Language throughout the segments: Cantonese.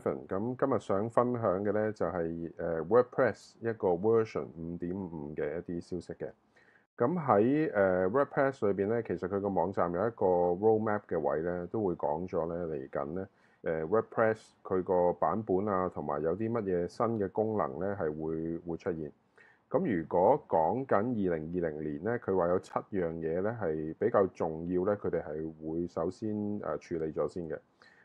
咁今日想分享嘅呢就係誒 WordPress 一個 version 五點五嘅一啲消息嘅。咁喺誒 WordPress 裏邊呢，其實佢個網站有一個 Roadmap 嘅位呢，都會講咗呢，嚟緊呢，誒 WordPress 佢個版本啊，同埋有啲乜嘢新嘅功能呢，係會會出現。咁如果講緊二零二零年呢，佢話有七樣嘢呢，係比較重要呢，佢哋係會首先誒處理咗先嘅。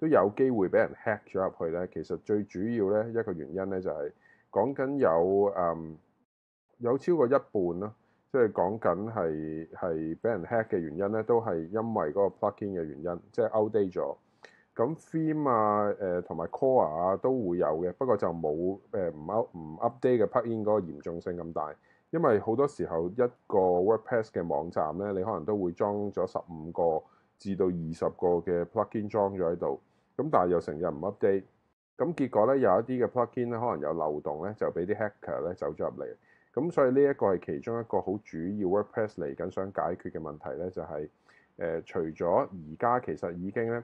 都有機會俾人 hack 咗入去呢。其實最主要呢一個原因呢、就是，就係講緊有誒、嗯、有超過一半咯，即係講緊係係俾人 hack 嘅原因呢，都係因為嗰個 plugin 嘅原因，即係 outdate 咗。咁 theme 啊誒同埋 core 啊都會有嘅，不過就冇誒唔 out 唔 update 嘅 plugin 嗰個嚴重性咁大。因為好多時候一個 WordPress 嘅網站呢，你可能都會裝咗十五個至到二十個嘅 plugin 裝咗喺度。咁但係又成日唔 update，咁結果咧有一啲嘅 plugin 咧可能有漏洞咧，就俾啲 hacker 咧走咗入嚟。咁所以呢一個係其中一個好主要 WordPress 嚟緊想解決嘅問題咧，就係、是、誒、呃、除咗而家其實已經咧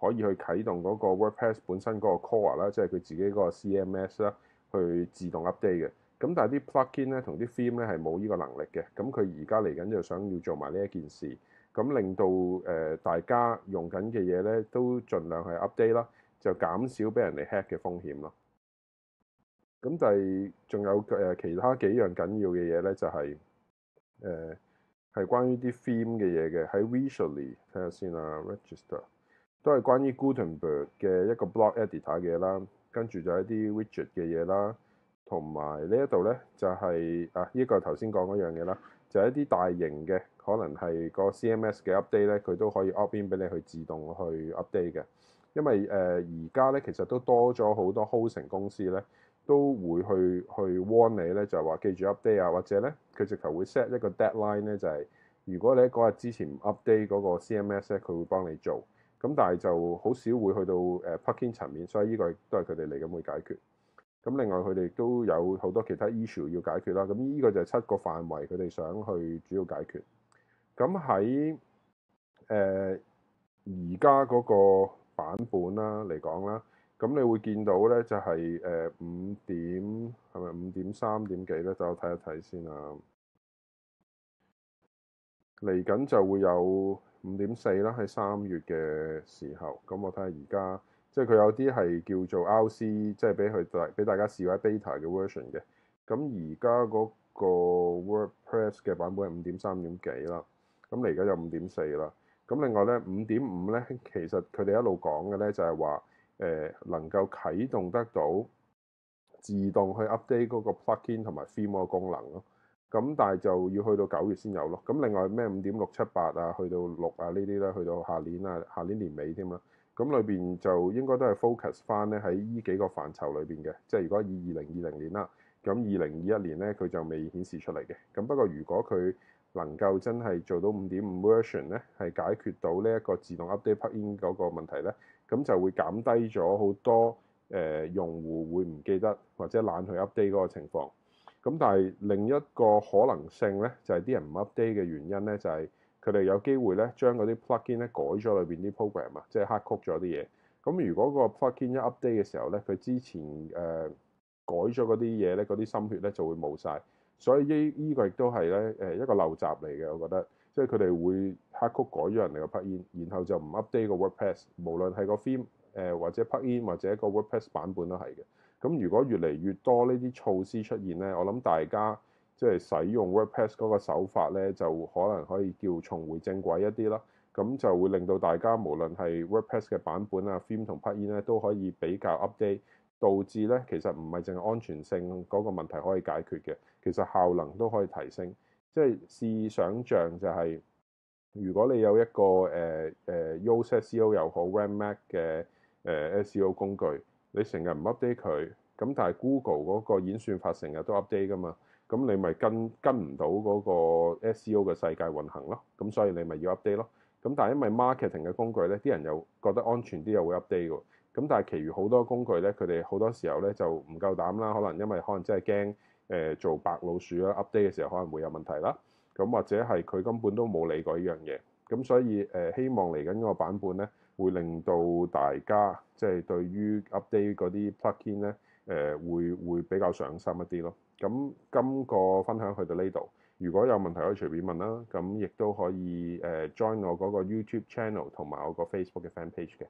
可以去啟動嗰個 WordPress 本身嗰個 core 啦，即係佢自己嗰個 CMS 啦，去自動 update 嘅。咁但係啲 plugin 咧同啲 theme 咧係冇呢個能力嘅。咁佢而家嚟緊就想要做埋呢一件事。咁令到誒大家用緊嘅嘢咧，都盡量係 update 啦，就減少俾人哋 hack 嘅風險咯。咁但係仲有誒其他幾樣緊要嘅嘢咧，就係誒係關於啲 theme 嘅嘢嘅，喺 Visually 睇下先啦，啊。Register 都係關於 Gutenberg 嘅一個 block editor 嘅嘢啦，跟住就係啲 widget 嘅嘢啦。同埋呢一度呢，就係啊，依個頭先講嗰樣嘢啦，就係一啲大型嘅，可能係個 CMS 嘅 update 呢，佢都可以 update 俾你去自動去 update 嘅。因為誒而家呢，其實都多咗好多 hosting 公司呢，都會去去 warn 你呢，就係話記住 update 啊，或者呢，佢直頭會 set 一個 deadline 呢，就係如果你嗰日之前唔 update 嗰個 CMS 呢，佢會幫你做。咁但係就好少會去到誒 parking 層面，所以呢個都係佢哋嚟咁去解決。咁另外佢哋都有好多其他 issue 要解決啦。咁呢個就係七個範圍，佢哋想去主要解決。咁喺誒而家嗰個版本啦嚟講啦，咁你會見到咧就係誒五點，係咪五點三點幾咧？等我睇一睇先啦。嚟緊就會有五點四啦，喺三月嘅時候。咁我睇下而家。即係佢有啲係叫做 RC 即係俾佢大俾大家試下 beta 嘅 version 嘅。咁而家嗰個 WordPress 嘅版本係五點三點幾啦。咁嚟緊就五點四啦。咁另外咧五點五咧，其實佢哋一路講嘅咧就係話誒能夠啟動得到自動去 update 嗰個 plugin 同埋 theme 嘅功能咯。咁但係就要去到九月先有咯。咁另外咩五點六七八啊，去到六啊呢啲咧，去到下年啊，下年年尾添啊。咁裏邊就應該都係 focus 翻咧喺呢幾個範疇裏邊嘅，即係如果以二零二零年啦，咁二零二一年咧佢就未顯示出嚟嘅。咁不過如果佢能夠真係做到五點五 version 咧，係解決到呢一個自動 update in 嗰個問題咧，咁就會減低咗好多誒、呃、用戶會唔記得或者懶去 update 嗰個情況。咁但係另一個可能性咧，就係、係、啲人唔 update 嘅原因咧，就係、係。佢哋有機會咧，將嗰啲 plugin 咧改咗裏邊啲 program 啊，即係黑曲咗啲嘢。咁如果個 plugin 一 update 嘅時候咧，佢之前誒、uh，改咗嗰啲嘢咧，嗰啲心血咧就會冇晒。所以呢依個亦都係咧誒一個陋習嚟嘅，我覺得。即係佢哋會黑曲改咗人哋個 plugin，然後就唔 update 個 WordPress，無論係個 theme、呃、或者 plugin 或者一個 WordPress 版本都係嘅。咁如果越嚟越多呢啲措施出現咧，我諗大家。即係使，使用 WordPress 嗰個手法咧，就可能可以叫重回正軌一啲啦。咁就會令到大家無論係 WordPress 嘅版本啊、Theme 同 Plugin 咧，in, 都可以比較 update。導致咧其實唔係淨係安全性嗰個問題可以解決嘅，其實效能都可以提升。即係試想像就係、是、如果你有一個誒誒 Yoast SEO 又好、Rank Math 嘅誒、呃、SEO 工具，你成日唔 update 佢，咁但係 Google 嗰個演算法成日都 update 噶嘛？咁你咪跟跟唔到嗰個 SEO 嘅世界運行咯，咁所以你咪要 update 咯。咁但係因為 marketing 嘅工具咧，啲人又覺得安全啲，又會 update 㗎。咁但係其餘好多工具咧，佢哋好多時候咧就唔夠膽啦，可能因為可能真係驚誒做白老鼠啦，update 嘅時候可能會有問題啦。咁或者係佢根本都冇理過呢樣嘢。咁所以誒，希望嚟緊個版本咧，會令到大家即係、就是、對於 update 嗰啲 plugin 咧。誒會會比較上心一啲咯。咁、這、今個分享去到呢度，如果有問題可以隨便問啦。咁亦都可以誒 join 我嗰個 YouTube channel 同埋我個 Facebook 嘅 fan page 嘅。